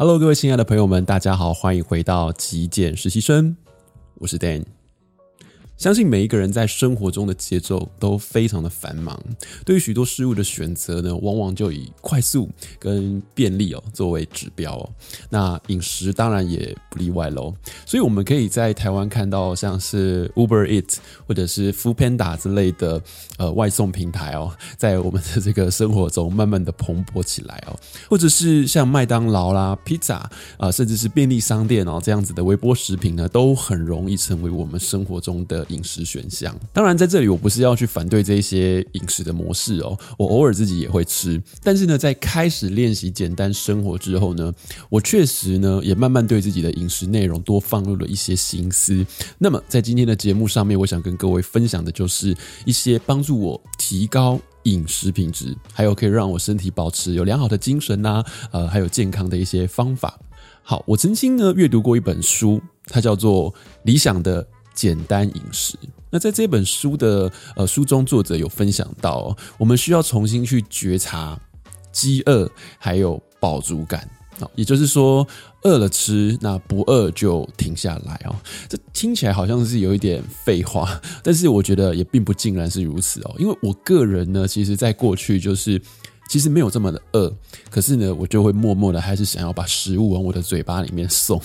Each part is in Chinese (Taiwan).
Hello，各位親愛的朋友們，大家好，歡迎回到極簡實習生，我是 Dan。相信每一個人在生活中的節奏都非常的繁忙，對於許多事物的選擇呢，往往就以快速跟便利哦作為指標哦。那飲食當然也不例外嘍，所以我們可以在台灣看到像是 Uber Eat 或者是 Foodpanda 之類的呃外送平台哦，在我們的這個生活中慢慢的蓬勃起來哦，或者是像麥當勞啦、披薩啊，甚至是便利商店哦這樣子的微波食品呢，都很容易成為我們生活中的。飲食選項，當然在這裡我不是要去反對這一些飲食的模式哦，我偶爾自己也會吃。但是呢，在開始練習簡單生活之後呢，我確實呢也慢慢對自己的飲食內容多放入了一些心思。那麼在今天的節目上面，我想跟各位分享的就是一些幫助我提高飲食品質，還有可以讓我身體保持有良好的精神吶，呃，還有健康的一些方法。好，我曾經呢閱讀過一本書，它叫做《理想的》。簡單飲食。那在這本書的呃書中，作者有分享到、哦，我們需要重新去覺察飢餓，還有飽足感。也就是說，餓了吃，那不餓就停下來哦。這聽起來好像是有一點廢話，但是我覺得也並不竟然盡然是如此哦。因為我個人呢，其實在過去就是。其實沒有這麼的餓，可是呢，我就會默默的還是想要把食物往我的嘴巴裡面送，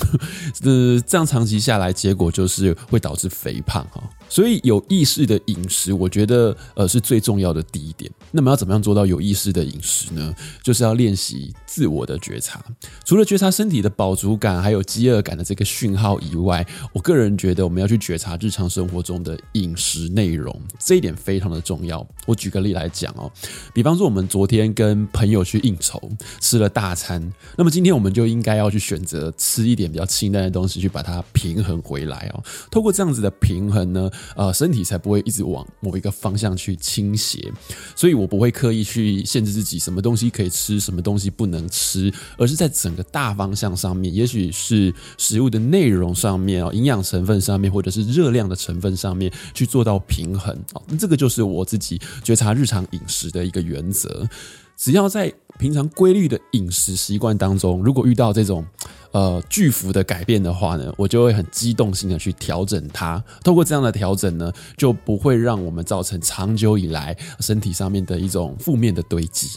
呃，這樣長期下來，結果就是會導致肥胖哈。所以有意識的飲食，我覺得呃是最重要的第一點。那麼要怎麼樣做到有意識的飲食呢？就是要練習自我的覺察。除了覺察身體的飽足感，還有飢餓感的這個訊號以外，我個人覺得我們要去覺察日常生活中的飲食內容，這一點非常的重要。我舉個例來講哦，比方說我們昨天跟朋友去應酬，吃了大餐，那麼今天我們就應該要去選擇吃一點比較清淡的東西，去把它平衡回來哦。透過這樣子的平衡呢。呃，身體才不會一直往某一個方向去傾斜，所以我不會刻意去限制自己什麼東西可以吃，什麼東西不能吃，而是在整個大方向上面，也許是食物的內容上面啊，營養成分上面，或者是熱量的成分上面去做到平衡啊，哦。這個就是我自己覺察日常飲食的一個原則。只要在平常規律的飲食習慣當中，如果遇到這種。呃，巨幅的改變的話呢，我就會很機動性的去調整它。透過這樣的調整呢，就不會讓我們造成長久以來身體上面的一種負面的堆積。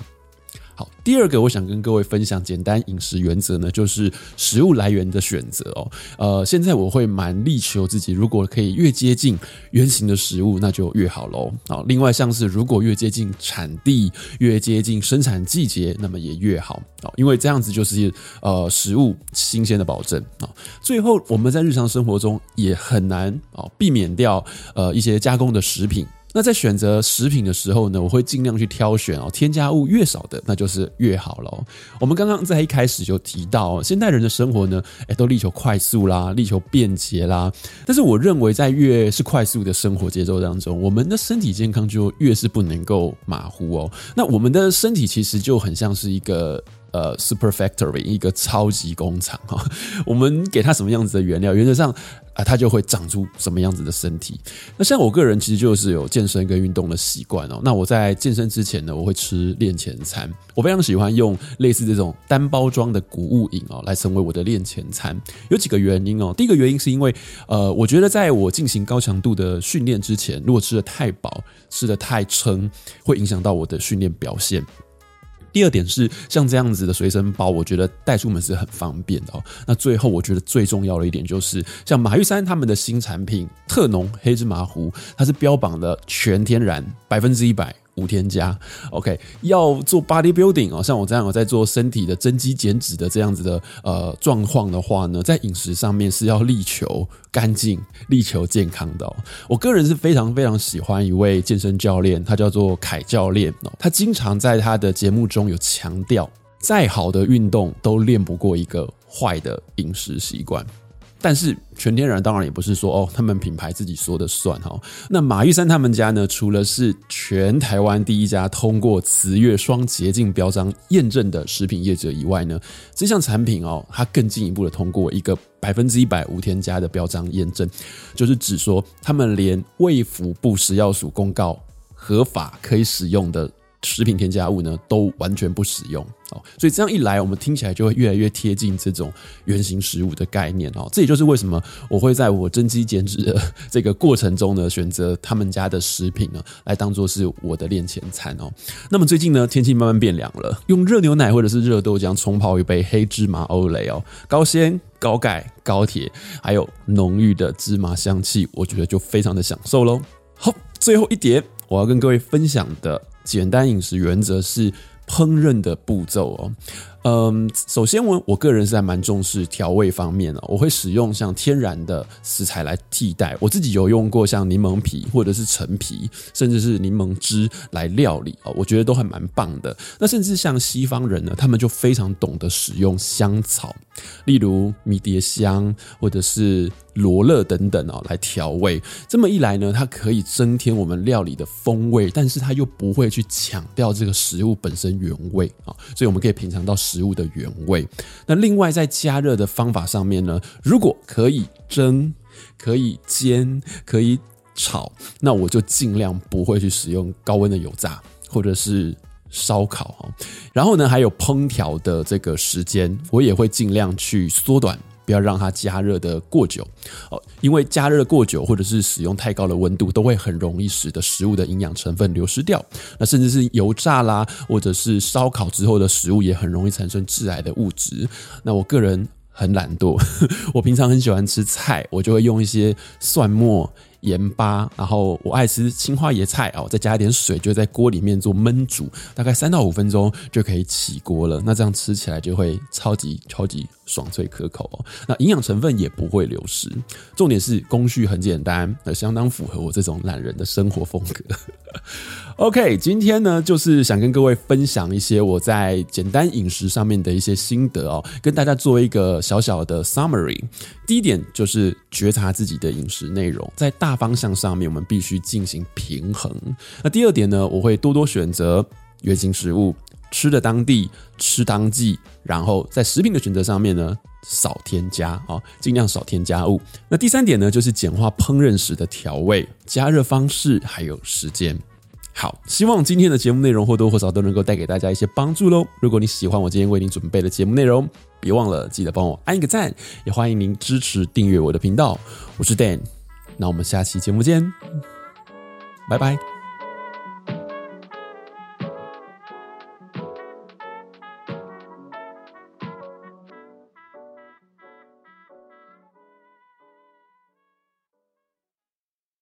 好，第二個我想跟各位分享簡單飲食原則呢，就是食物來源的選擇哦。呃，現在我會蠻力求自己，如果可以越接近原型的食物，那就越好嘍。好，另外像是如果越接近產地，越接近生產季節，那麼也越好。好，因為這樣子就是呃食物新鮮的保證啊。最後，我們在日常生活中也很難啊避免掉呃一些加工的食品。那在選擇食品的時候呢，我會盡量去挑選哦，添加物越少的，那就是越好咯。我們剛剛在一開始就提到，現代人的生活呢，哎、欸，都力求快速啦，力求便捷啦。但是我認為，在越是快速的生活節奏當中，我們的身體健康就越是不能夠馬虎哦。那我們的身體其實就很像是一個。呃，super factory 一個超級工廠哈， 我們給它什麼樣子的原料，原則上啊，它就會長出什麼樣子的身體。那像我個人其實就是有健身跟運動的習慣哦。那我在健身之前呢，我會吃練前餐，我非常喜歡用類似這種單包裝的穀物飲哦來成為我的練前餐。有幾個原因哦，第一個原因是因為呃，我覺得在我進行高強度的訓練之前，如果吃得太飽、吃得太撐，會影響到我的訓練表現。第二點是像這樣子的隨身包，我覺得帶出門是很方便的哦。那最後，我覺得最重要的一點就是，像馬玉山他們的新產品特濃黑芝麻糊，它是標榜的全天然，百分之一百。無添加，OK，要做 bodybuilding 哦，像我這樣有在做身體的增肌減脂的這樣子的呃狀況的話呢，在飲食上面是要力求乾淨、力求健康的哦。我個人是非常非常喜歡一位健身教練，他叫做凱教練哦，他經常在他的節目中有強調，再好的運動都練不過一個壞的飲食習慣。但是全天然當然也不是說哦，他們品牌自己說的算哈、哦。那馬玉山他們家呢，除了是全台灣第一家通過慈悅雙潔淨標章驗證的食品業者以外呢，這項產品哦，它，更進一步的通過一個百分之一百無添加的標章驗證，就是指說他們連衛福部食藥署公告合法可以使用的。食品添加物呢，都完全不使用哦，所以這樣一來，我們聽起來就會越來越貼近這種原型食物的概念哦。這也就是為什麼我會在我增肌減脂的這個過程中呢，選擇他們家的食品呢，來當做是我的練前餐哦。那麼最近呢，天氣慢慢變涼了，用熱牛奶或者是熱豆漿沖泡一杯黑芝麻歐蕾哦，高纖、高鈣、高鐵，還有濃郁的芝麻香氣，我覺得就非常的享受嘍。好，最後一點，我要跟各位分享的簡單飲食原則是烹飪的步驟哦。嗯，首先我我個人是還蠻重視調味方面的喔，我會使用像天然的食材來替代。我自己有用過像檸檬皮或者是陳皮，甚至是檸檬汁來料理啊，喔，我覺得都還蠻棒的。那甚至像西方人呢，他們就非常懂得使用香草，例如迷迭香或者是羅勒等等哦，喔，來調味。這麼一來呢，它可以增添我們料理的風味，但是它又不會去搶掉這個食物本身原味啊，喔，所以我們可以品嘗到食。食物的原味。那另外在加熱的方法上面呢，如果可以蒸、可以煎、可以炒，那我就儘量不會去使用高溫的油炸或者是燒烤。然後呢，還有烹調的這個時間，我也會儘量去縮短。不要讓它加熱的過久。因為加熱過久或者是使用太高的溫度，都會很容易使得食物的營養成分流失掉。那甚至是油炸啦，或者是燒烤之後的食物，也很容易產生致癌的物質。那我個人很懶惰，我平常很喜歡吃菜，我就會用一些蒜末、鹽巴，然後我愛吃青花椰菜哦，再加一點水，就在鍋裡面做燜煮，大概三到五分鐘就可以起鍋了。那這樣吃起來就會超級超級爽脆可口哦，那營養成分也不會流失，重點是工序很簡單，那，相當符合我這種懶人的生活風格。OK，今天呢，就是想跟各位分享一些我在簡單飲食上面的一些心得哦，跟大家做一個小小的 summary。第一點就是覺察自己的飲食內容，在大方向上面我們必須進行平衡。那第二點呢，我會多多選擇原型食物，吃的當地，吃當季，然後在食品的選擇上面呢。少添加哦，盡量少添加物。那第三點呢，就是簡化烹飪時的調味、加熱方式還有時間。好，希望今天的節目內容或多或少都能夠帶給大家一些幫助嘍。如果你喜歡我今天為你準備的節目內容，別忘了記得幫我按一個讚，也歡迎您支持、訂閱我的頻道。我是 Dan，那我們下期節目見，拜拜。